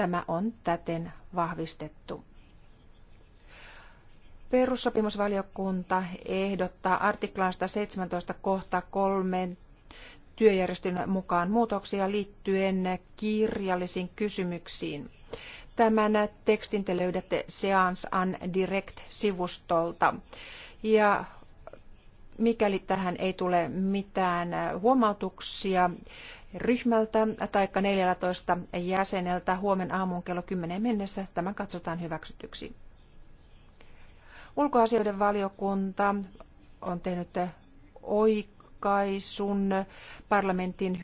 Tämä on täten vahvistettu. Perussopimusvaliokunta ehdottaa artiklan 17 kohta 3 työjärjestön mukaan muutoksia liittyen kirjallisiin kysymyksiin. Tämän tekstin te löydätte Seans Direct-sivustolta. Ja mikäli tähän ei tule mitään huomautuksia ryhmältä tai 14 jäseneltä huomen aamun kello 10 mennessä, tämä katsotaan hyväksytyksi. Ulkoasioiden valiokunta on tehnyt oikaisun parlamentin